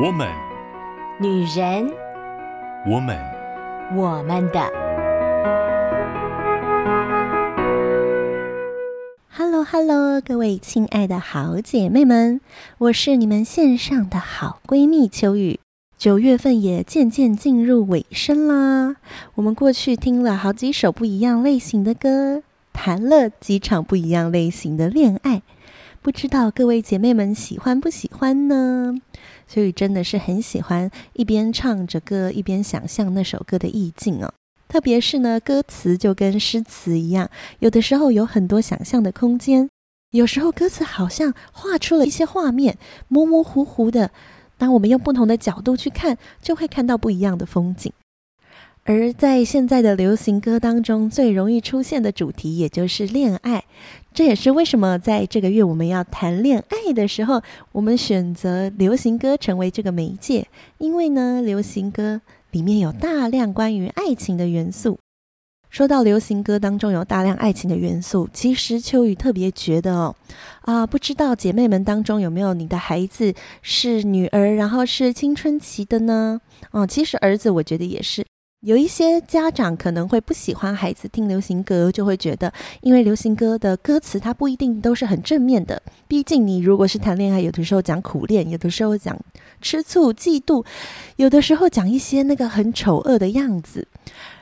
我們女人，我們我們的，Hello Hello，各位親愛的好姐妹們，我是你們線上的好閨蜜秋雨。九月份也漸漸進入尾聲啦，我們過去聽了好幾首不一樣類型的歌，談了幾場不一樣類型的戀愛，不知道各位姐妹們喜歡不喜歡呢？所以真的是很喜歡一邊唱着歌，一邊想象那首歌的意境哦。特別是呢，歌詞就跟詩詞一樣，有的時候有很多想象的空間。有時候歌詞好像畫出了一些畫面，模模糊糊的。當我們用不同的角度去看，就會看到不一樣的風景。而在現在的流行歌當中，最容易出現的主題也就是戀愛，這也是為什麼在這個月我們要談戀愛的時候，我們選擇流行歌成為這個媒介，因為呢，流行歌裡面有大量關於愛情的元素。說到流行歌當中有大量愛情的元素，其實秋雨特別覺得哦，啊、呃，不知道姐妹們當中有沒有你的孩子是女兒，然後是青春期的呢？哦，其實兒子我覺得也是。有一些家長可能會不喜歡孩子聽流行歌，就會覺得，因為流行歌的歌詞它不一定都是很正面的。畢竟你如果是談戀愛，有的時候講苦戀，有的時候講吃醋、嫉妒，有的時候講一些那個很醜惡的樣子。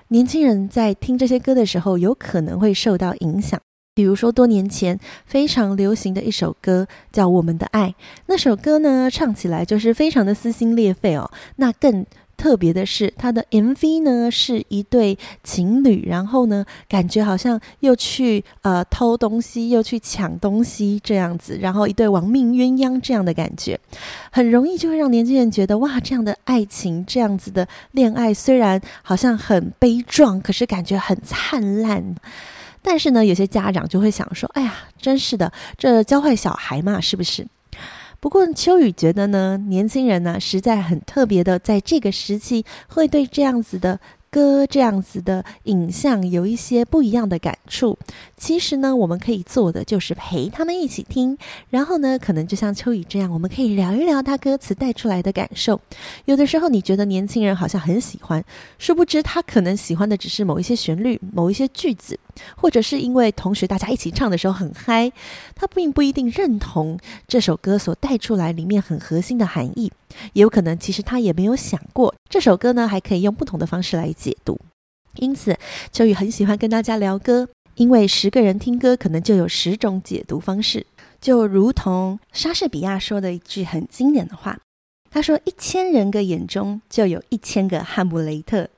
年輕人在聽這些歌的時候，有可能會受到影響。比如說多年前非常流行的一首歌叫《我們的愛》，那首歌呢唱起來就是非常的撕心裂肺哦，那更。特別的是，他的 MV 呢是一對情侶，然後呢，感覺好像又去呃偷東西，又去搶東西這樣子，然後一對亡命鴛鴦這樣的感覺，很容易就會讓年輕人覺得哇，這樣的愛情，這樣子的戀愛雖然好像很悲壯，可是感覺很燦爛。但是呢，有些家長就會想說，哎呀，真是的，這教壞小孩嘛，是不是？不過，秋雨覺得呢，年輕人呢、啊，實在很特別的，在這個時期，會對這樣子的歌這樣子的影像，有一些不一樣的感觸。其實呢，我們可以做的就是陪他們一起聽，然後呢，可能就像秋雨這樣，我們可以聊一聊他歌詞帶出來的感受。有的時候你覺得年輕人好像很喜歡，殊不知他可能喜歡的只是某一些旋律、某一些句子，或者是因為同學大家一起唱的時候很嗨，他並不一定認同這首歌所帶出來裡面很核心的含義。也有可能，其實他也沒有想過這首歌呢，還可以用不同的方式來解讀。因此，秋雨很喜歡跟大家聊歌，因為十個人聽歌，可能就有十種解讀方式。就如同莎士比亞說的一句很經典的話，他說：“一千個人眼中，就有一千個哈姆雷特。”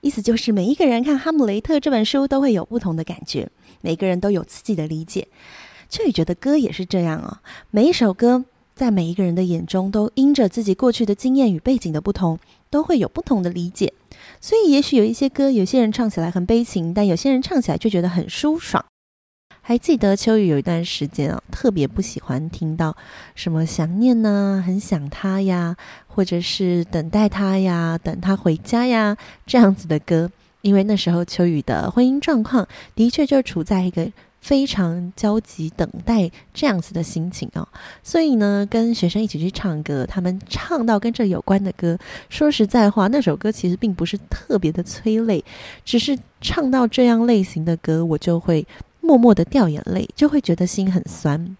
意思就是，每一個人看《哈姆雷特》這本書，都會有不同的感覺，每個人都有自己的理解。秋雨覺得歌也是這樣啊、哦，每一首歌。在每一個人的眼中，都因着自己過去的經驗與背景的不同，都會有不同的理解。所以，也許有一些歌，有些人唱起來很悲情，但有些人唱起來就覺得很舒爽。還記得秋雨有一段時間啊、哦，特別不喜歡聽到什麼想念呢、啊，很想他呀，或者是等待他呀，等他回家呀這樣子的歌，因為那時候秋雨的婚姻狀況的確就處在一個。非常焦急等待這樣子的心情啊、哦，所以呢，跟學生一起去唱歌，他們唱到跟這有關的歌。說實在話，那首歌其實並不是特別的催淚，只是唱到這樣類型的歌，我就會默默的掉眼淚，就會覺得心很酸。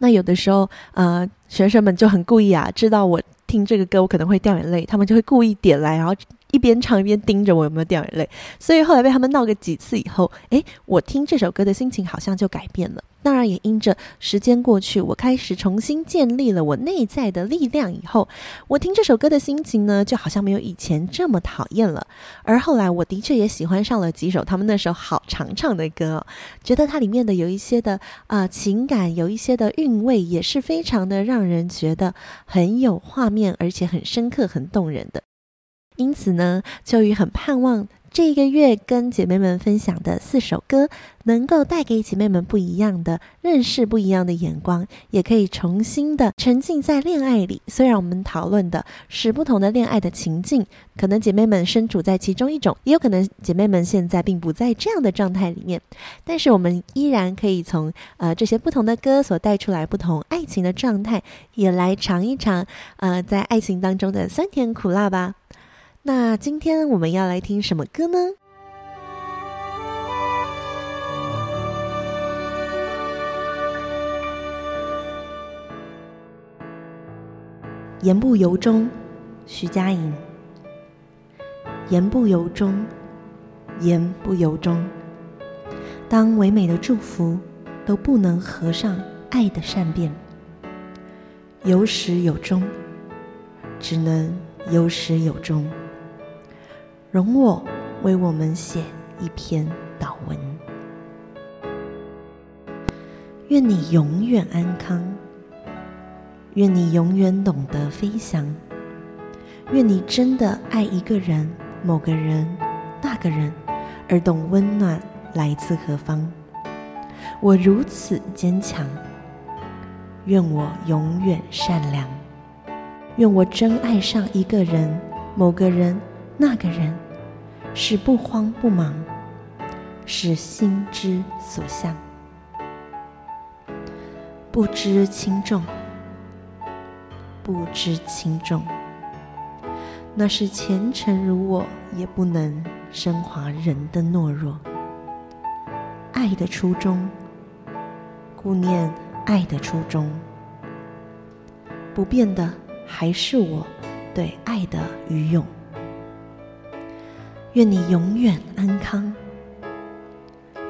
那有的時候，啊、呃，學生們就很故意啊，知道我。聽這個歌，我可能會掉眼淚，他們就會故意點來，然後一邊唱一邊盯着我有沒有掉眼淚。所以後來被他們鬧個幾次以後，哎，我聽這首歌的心情好像就改變了。當然，也因着時間過去，我開始重新建立了我內在的力量。以後，我聽這首歌的心情呢，就好像沒有以前這麼討厭了。而後來，我的確也喜歡上了幾首他們那首好常唱的歌，哦，覺得它裡面的有一些的啊、呃、情感，有一些的韻味，也是非常的讓人覺得很有畫面。而且很深刻、很動人的，因此呢，秋雨很盼望這一個月跟姐妹們分享的四首歌，能夠帶給姐妹們不一樣的認識，不一樣的眼光，也可以重新的沉浸在戀愛裡。雖然我們討論的是不同的戀愛的情境，可能姐妹們身處在其中一種，也有可能姐妹們現在並不在這樣的狀態裡面。但是我們依然可以從呃這些不同的歌所帶出來不同愛情的狀態，也來嘗一嘗呃在愛情當中的酸甜苦辣吧。那今天我們要來聽什麼歌呢？言不由衷，徐佳瑩。言不由衷，言不由衷。當唯美的祝福都不能合上愛的善變，有始有終，只能有始有終。容我為我們寫一篇禱文。願你永遠安康。願你永遠懂得飛翔。願你真的愛一個人、某個人、那個人，而懂溫暖來自何方。我如此堅強。願我永遠善良。願我真愛上一個人、某個人、那個人。是不慌不忙，是心之所向。不知輕重，不知輕重，那是虔誠如我也不能升華人的懦弱。愛的初衷，顧念愛的初衷，不變的還是我對愛的愚勇。願你永遠安康，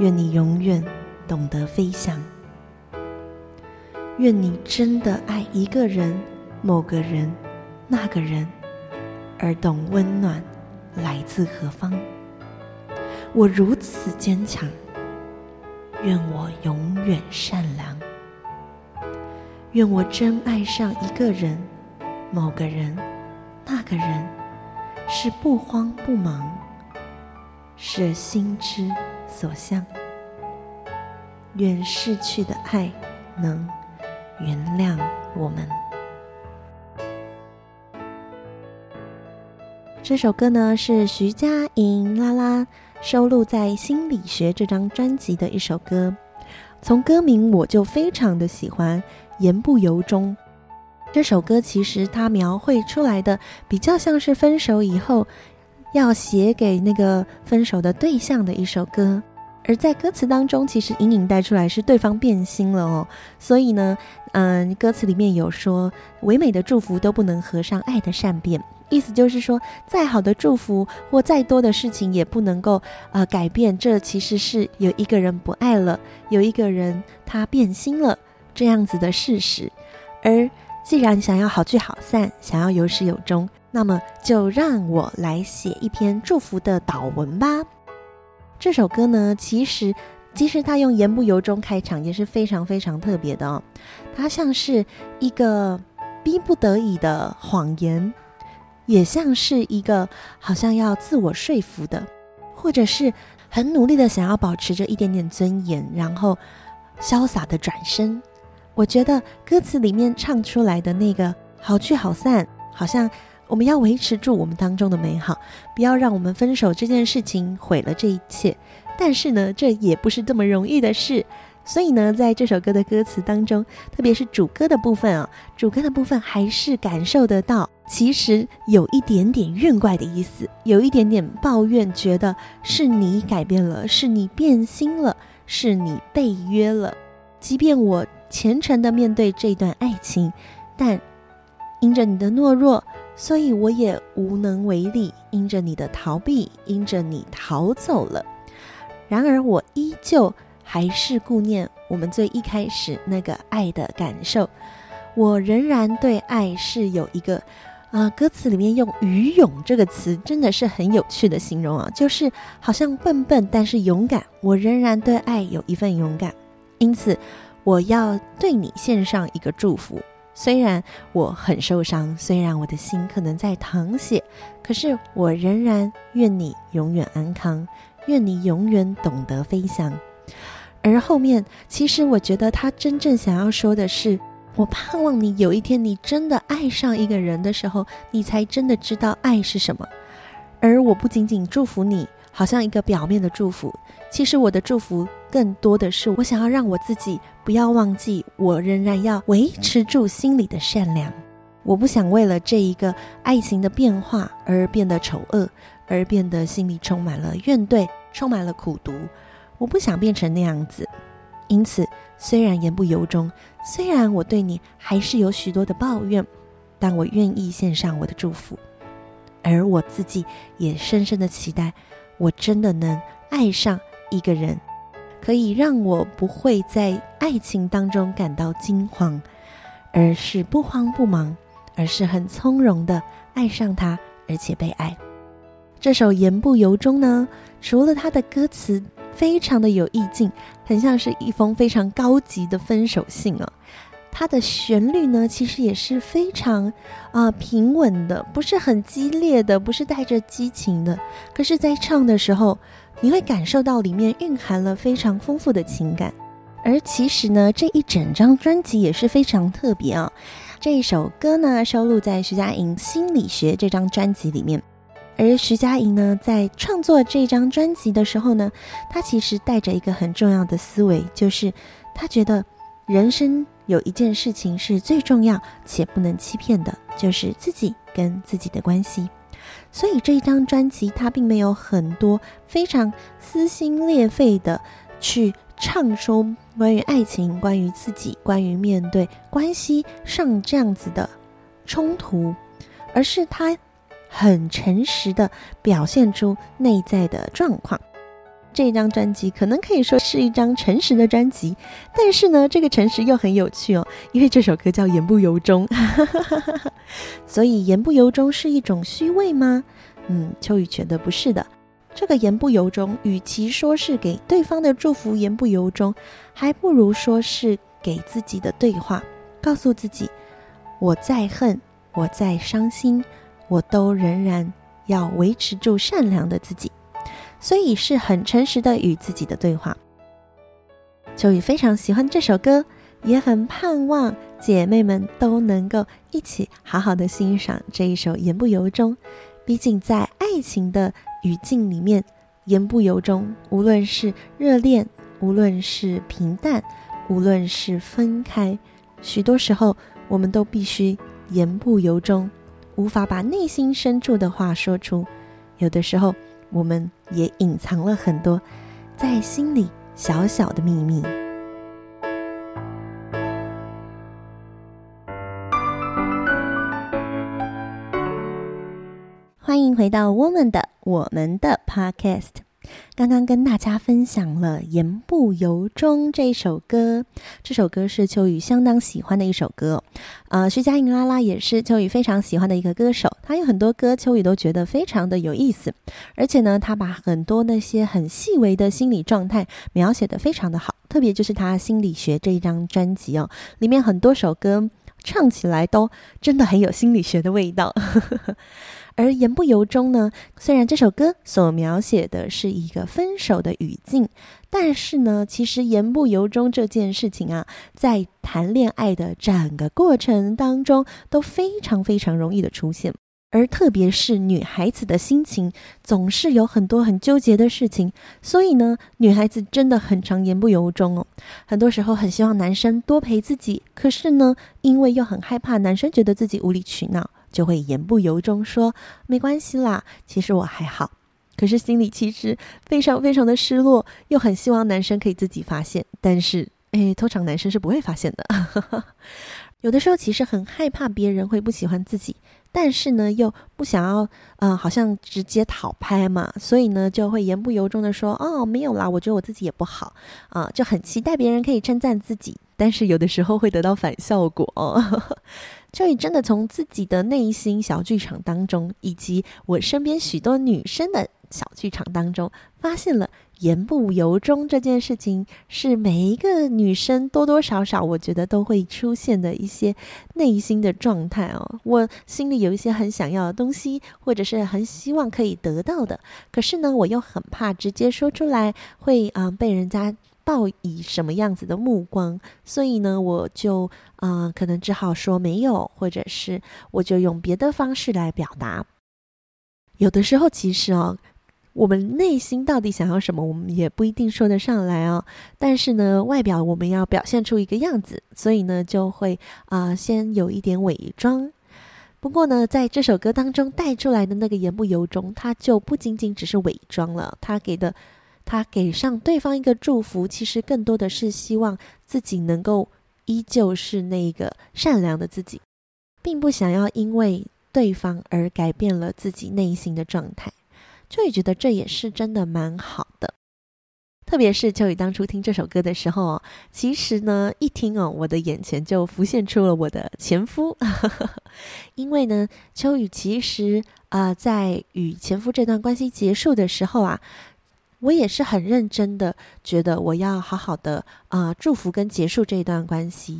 願你永遠懂得飛翔，願你真的愛一個人、某個人、那個人，而懂溫暖來自何方。我如此堅強，願我永遠善良，願我真愛上一個人、某個人、那個人，是不慌不忙。是心之所向，願逝去的愛能原諒我們。這首歌呢，是徐佳瑩拉拉收錄在《心裡學》這張專輯的一首歌。從歌名我就非常的喜歡《言不由衷》。這首歌其實它描繪出來的比較像是分手以後。要寫給那個分手的對象的一首歌，而在歌詞當中，其實隱隱帶出來是對方變心了哦。所以呢，嗯，歌詞裡面有說，唯美的祝福都不能合上愛的善變，意思就是說，再好的祝福或再多的事情也不能夠呃改變，這其實是有一個人不愛了，有一個人他變心了這樣子的事實。而既然想要好聚好散，想要有始有終。那麼就讓我來寫一篇祝福的禱文吧。這首歌呢，其實即使他用言不由衷開場，也是非常非常特別的哦。它像是一個逼不得已的謊言，也像是一個好像要自我說服的，或者是很努力的想要保持着一點點尊嚴，然後瀟灑的轉身。我覺得歌詞裡面唱出來的那個好聚好散，好像。我們要維持住我們當中的美好，不要讓我們分手這件事情毀了這一切。但是呢，這也不是這麼容易的事。所以呢，在這首歌的歌詞當中，特別是主歌的部分啊，主歌的部分還是感受得到，其實有一點點怨怪的意思，有一點點抱怨，覺得是你改變了，是你變心了，是你背約了。即便我虔誠的面對這段愛情，但因着你的懦弱。所以我也無能為力，因着你的逃避，因着你逃走了。然而我依舊還是顧念我們最一開始那個愛的感受，我仍然對愛是有一個，啊、呃，歌詞裡面用“愚勇”這個詞，真的是很有趣的形容啊，就是好像笨笨，但是勇敢。我仍然對愛有一份勇敢，因此我要對你獻上一個祝福。雖然我很受傷，雖然我的心可能在淌血，可是我仍然願你永遠安康，願你永遠懂得飛翔。而後面，其實我覺得他真正想要說的是，我盼望你有一天，你真的愛上一個人的時候，你才真的知道愛是什麼。而我不僅僅祝福你。好像一個表面的祝福，其實我的祝福更多的是我想要讓我自己不要忘記，我仍然要維持住心裡的善良。我不想為了這一個愛情的變化而變得醜惡，而變得心裡充滿了怨懟，充滿了苦毒。我不想變成那樣子。因此，雖然言不由衷，雖然我對你還是有許多的抱怨，但我願意獻上我的祝福，而我自己也深深的期待。我真的能愛上一個人，可以讓我不會在愛情當中感到驚慌，而是不慌不忙，而是很從容地愛上他，而且被愛。這首《言不由衷》呢，除了它的歌詞非常的有意境，很像是一封非常高級的分手信哦。它的旋律呢，其實也是非常，啊、呃、平穩的，不是很激烈的，不是帶着激情的。可是，在唱的時候，你會感受到裡面蘊含了非常豐富的情感。而其實呢，這一整張專輯也是非常特別啊、哦。這一首歌呢，收錄在徐佳瑩《心理學》這張專輯裡面。而徐佳瑩呢，在創作這張專輯的時候呢，她其實帶着一個很重要的思維，就是她覺得人生。有一件事情是最重要且不能欺騙的，就是自己跟自己的關係。所以這一張專輯，它並沒有很多非常撕心裂肺的去唱出關於愛情、關於自己、關於面對關係上這樣子的衝突，而是他很誠實的表現出內在的狀況。這張專輯可能可以說是一張誠實的專輯，但是呢，這個誠實又很有趣哦，因為這首歌叫“言不由衷”， 所以“言不由衷”是一種虛偽嗎？嗯，秋雨覺得不是的。這個“言不由衷”與其說是給對方的祝福，言不由衷，還不如說是給自己的對話，告訴自己：我再恨，我再傷心，我都仍然要維持住善良的自己。所以是很誠實的與自己的對話。秋雨非常喜歡這首歌，也很盼望姐妹們都能夠一起好好的欣賞這一首《言不由衷》。畢竟在愛情的語境裡面，言不由衷，無論是熱戀，無論是平淡，無論是分開，許多時候我們都必須言不由衷，無法把內心深處的話說出。有的時候我們。也隱藏了很多在心裡小小的秘密。歡迎回到我們的我們的 podcast。剛剛跟大家分享了《言不由衷》這首歌，這首歌是秋雨相當喜歡的一首歌哦。呃，徐佳瑩拉拉也是秋雨非常喜歡的一個歌手，她有很多歌秋雨都覺得非常的有意思，而且呢，她把很多那些很細微的心理狀態描寫得非常的好，特別就是她《心理學》這一張專輯哦，裡面很多首歌唱起來都真的很有心理學的味道。 而言不由衷呢，雖然這首歌所描寫的是一個分手的語境，但是呢，其實言不由衷這件事情啊，在談戀愛的整個過程當中都非常非常容易的出現。而特別是女孩子的心情，總是有很多很糾結的事情，所以呢，女孩子真的很常言不由衷哦。很多時候很希望男生多陪自己，可是呢，因為又很害怕男生覺得自己無理取鬧。就會言不由衷說：“沒關係啦，其實我還好。”可是心裡其實非常非常的失落，又很希望男生可以自己發現。但是，哎，通常男生是不會發現的。 有的時候其實很害怕別人會不喜歡自己，但是呢，又不想要，嗯、呃，好像直接討拍嘛，所以呢，就會言不由衷的說：“哦，沒有啦，我覺得我自己也不好。呃”啊，就很期待別人可以稱讚自己，但是有的時候會得到反效果。 所以真的從自己的內心小劇場當中，以及我身邊許多女生的小劇場當中，發現了言不由衷這件事情，是每一個女生多多少少，我覺得都會出現的一些內心的狀態哦。我心裡有一些很想要的東西，或者是很希望可以得到的，可是呢，我又很怕直接說出來會啊、呃、被人家。報以什麼樣子的目光？所以呢，我就啊、呃，可能只好說沒有，或者是我就用別的方式來表達。有的時候，其實啊、哦，我們內心到底想要什麼，我們也不一定說得上來哦。但是呢，外表我們要表現出一個樣子，所以呢，就會啊、呃，先有一點偽裝。不過呢，在這首歌當中帶出來的那個言不由衷，它就不僅僅只是偽裝了，它給的。他給上對方一個祝福，其實更多的是希望自己能夠依舊是那個善良的自己，並不想要因為對方而改變了自己內心的狀態。秋雨覺得這也是真的蠻好的。特別是秋雨當初聽這首歌的時候，其實呢，一聽哦，我的眼前就浮現出了我的前夫。 因為呢，秋雨其實啊、呃、在與前夫這段關係結束的時候啊，我也是很認真的，覺得我要好好的啊、呃，祝福跟結束這一段關係。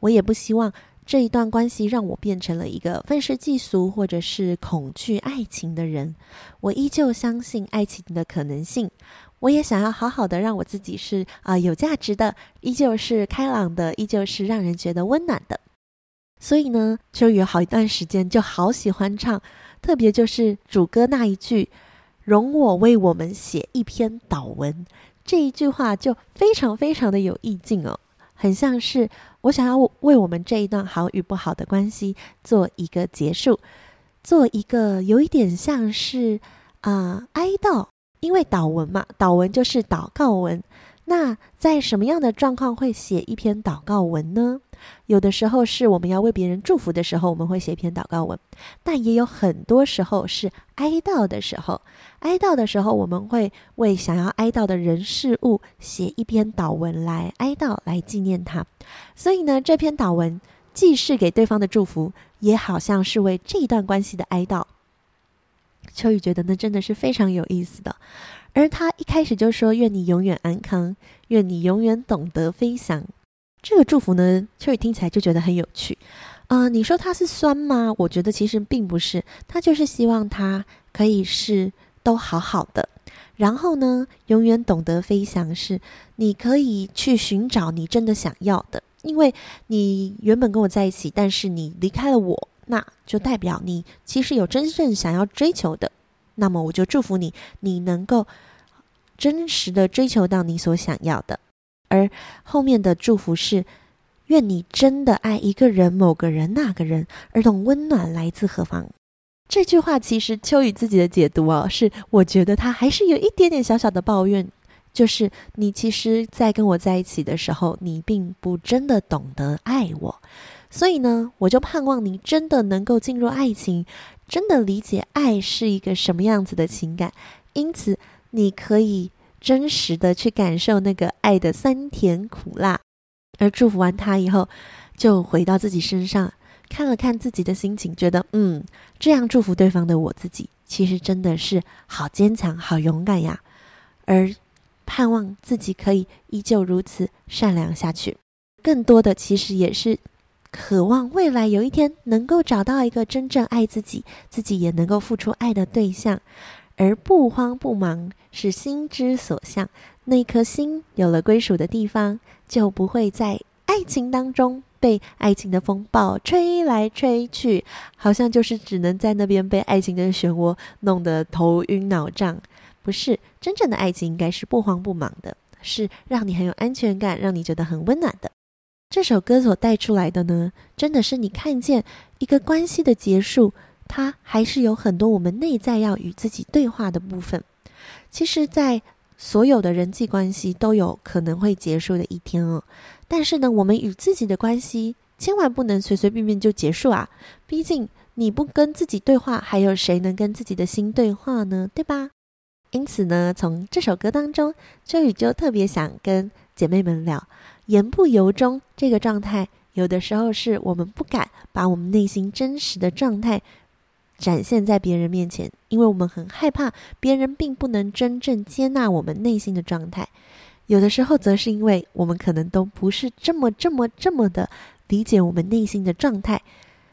我也不希望這一段關係讓我變成了一個憤世嫉俗或者是恐懼愛情的人。我依舊相信愛情的可能性，我也想要好好的讓我自己是啊、呃、有價值的，依舊是開朗的，依舊是讓人覺得溫暖的。所以呢，就有好一段時間就好喜歡唱，特別就是主歌那一句。容我為我們寫一篇禱文，這一句話就非常非常的有意境哦，很像是我想要為我們這一段好與不好的關係做一個結束，做一個有一點像是啊、呃、哀悼，因為禱文嘛，禱文就是禱告文。那在什麼樣的狀況會寫一篇禱告文呢？有的時候是我們要為別人祝福的時候，我們會寫一篇禱告文；但也有很多時候是哀悼的時候，哀悼的時候我們會為想要哀悼的人事物寫一篇禱文來哀悼，來紀念他。所以呢，這篇禱文既是給對方的祝福，也好像是為這一段關係的哀悼。秋雨覺得呢，真的是非常有意思的。而他一開始就說：“願你永遠安康，願你永遠懂得飛翔。”這個祝福呢，秋雨聽起來就覺得很有趣。呃，你說它是酸嗎？我覺得其實並不是，他就是希望他可以是都好好的。然後呢，永遠懂得飛翔是你可以去尋找你真的想要的，因為你原本跟我在一起，但是你離開了我，那就代表你其實有真正想要追求的。那麼我就祝福你，你能夠真實地追求到你所想要的。而後面的祝福是：願你真的愛一個人、某個人、那個人，而懂溫暖來自何方。這句話其實秋雨自己的解讀哦，是我覺得他還是有一點點小小的抱怨，就是你其實，在跟我在一起的時候，你並不真的懂得愛我。所以呢，我就盼望你真的能夠進入愛情。真的理解愛是一個什麼樣子的情感，因此你可以真實的去感受那個愛的酸甜苦辣。而祝福完他以後，就回到自己身上，看了看自己的心情，覺得嗯，這樣祝福對方的我自己，其實真的是好堅強、好勇敢呀。而盼望自己可以依舊如此善良下去，更多的其實也是。渴望未來有一天能夠找到一個真正愛自己，自己也能夠付出愛的對象，而不慌不忙是心之所向。那顆心有了歸屬的地方，就不會在愛情當中被愛情的風暴吹來吹去，好像就是只能在那邊被愛情的漩渦弄得頭暈腦脹。不是真正的愛情，應該是不慌不忙的，是讓你很有安全感，讓你覺得很溫暖的。這首歌所帶出來的呢，真的是你看見一個關係的結束，它還是有很多我們內在要與自己對話的部分。其實，在所有的人際關係都有可能會結束的一天哦。但是呢，我們與自己的關係千萬不能隨隨便便就結束啊！畢竟你不跟自己對話，還有誰能跟自己的心對話呢？對吧？因此呢，從這首歌當中，秋雨就特別想跟姐妹們聊。言不由衷這個狀態，有的時候是我們不敢把我們內心真實的狀態展現在別人面前，因為我們很害怕別人並不能真正接納我們內心的狀態；有的時候，則是因為我們可能都不是這麼這麼這麼的理解我們內心的狀態，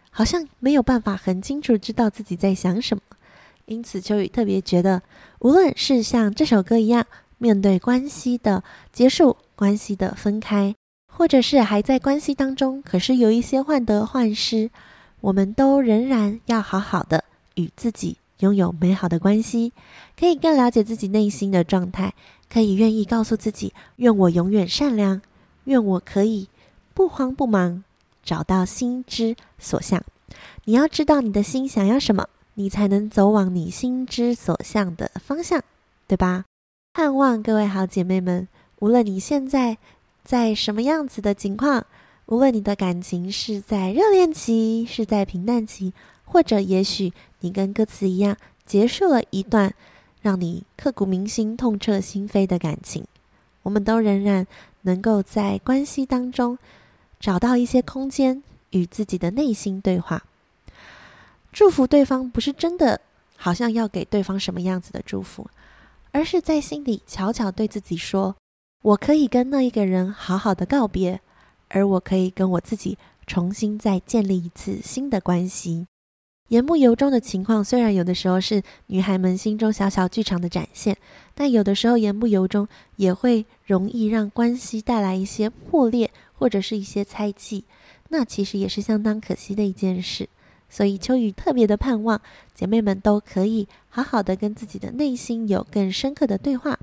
好像沒有辦法很清楚知道自己在想什麼。因此，秋雨特別覺得，無論是像這首歌一樣面對關係的結束。關係的分開，或者是還在關係當中，可是有一些患得患失，我們都仍然要好好的與自己擁有美好的關係，可以更了解自己內心的狀態，可以願意告訴自己：願我永遠善良，願我可以不慌不忙找到心之所向。你要知道你的心想要什麼，你才能走往你心之所向的方向，對吧？盼望各位好姐妹們。無論你現在在什麼樣子的情況，無論你的感情是在熱戀期，是在平淡期，或者也許你跟歌詞一樣結束了一段讓你刻骨銘心、痛徹心扉的感情，我們都仍然能夠在關係當中找到一些空間與自己的內心對話。祝福對方不是真的好像要給對方什麼樣子的祝福，而是在心裡悄悄對自己說。我可以跟那一個人好好的告別，而我可以跟我自己重新再建立一次新的關係。言不由衷的情況，雖然有的時候是女孩們心中小小劇場的展現，但有的時候言不由衷也會容易讓關係帶來一些破裂或者是一些猜忌，那其實也是相當可惜的一件事。所以秋雨特別的盼望姐妹們都可以好好的跟自己的內心有更深刻的對話，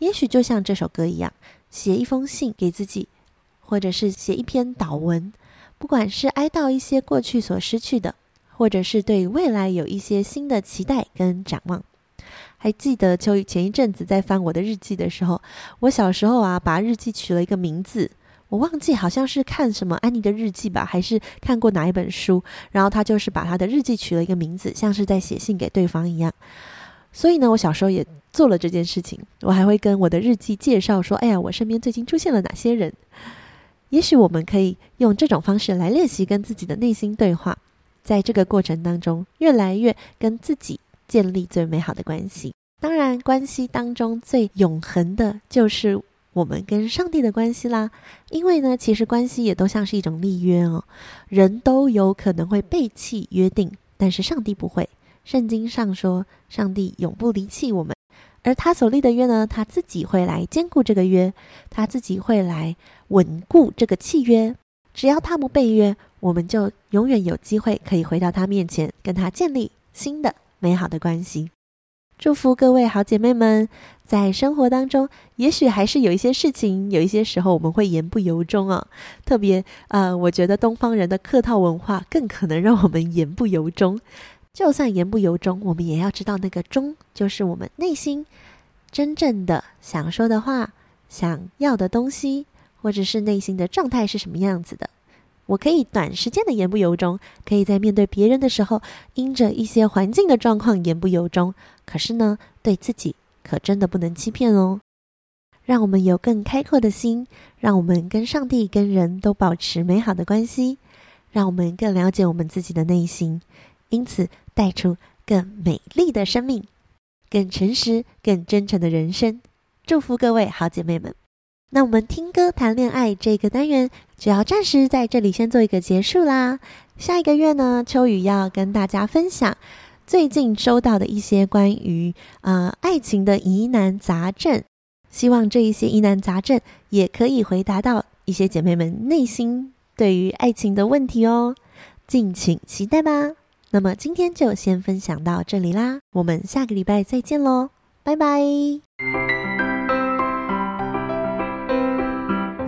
也許就像這首歌一樣，寫一封信給自己，或者是寫一篇禱文，不管是哀悼一些過去所失去的，或者是對未來有一些新的期待跟展望。還記得秋雨前一陣子在翻我的日記的時候，我小時候啊把日記取了一個名字。我忘記，好像是看什麼安妮的日記吧，還是看過哪一本書？然後他就是把他的日記取了一個名字，像是在寫信給對方一樣。所以呢，我小時候也做了這件事情。我還會跟我的日記介紹說：“哎呀，我身邊最近出現了哪些人？”也許我們可以用這種方式來練習跟自己的內心對話，在這個過程當中，越來越跟自己建立最美好的關係。當然，關係當中最永恆的就是。我們跟上帝的關係啦，因為呢，其實關係也都像是一種立約哦。人都有可能會背棄約定，但是上帝不會。聖經上說，上帝永不離棄我們，而他所立的約呢，他自己會來兼顧這個約，他自己會來穩固這個契約。只要他不背約，我們就永遠有機會可以回到他面前，跟他建立新的美好的關係。祝福各位好姐妹們，在生活當中，也許還是有一些事情，有一些時候我們會言不由衷哦、啊。特別呃，我覺得東方人的客套文化更可能讓我們言不由衷。就算言不由衷，我們也要知道那個“衷”就是我們內心真正的想說的話、想要的東西，或者是內心的狀態是什麼樣子的。我可以短時間的言不由衷，可以在面對別人的時候，因着一些環境的狀況言不由衷，可是呢，對自己可真的不能欺騙哦。讓我們有更開闊的心，讓我們跟上帝、跟人都保持美好的關係，讓我們更了解我們自己的內心，因此帶出更美麗的生命，更誠實、更真誠的人生。祝福各位好姐妹們。那我們聽歌談戀愛這個單元就要暫時在這裡先做一個結束啦。下一個月呢，秋雨要跟大家分享最近收到的一些關於呃愛情的疑難雜症，希望這一些疑難雜症也可以回答到一些姐妹們內心對於愛情的問題哦，敬請期待吧。那麼今天就先分享到這裡啦，我們下個禮拜再見嘍，拜拜。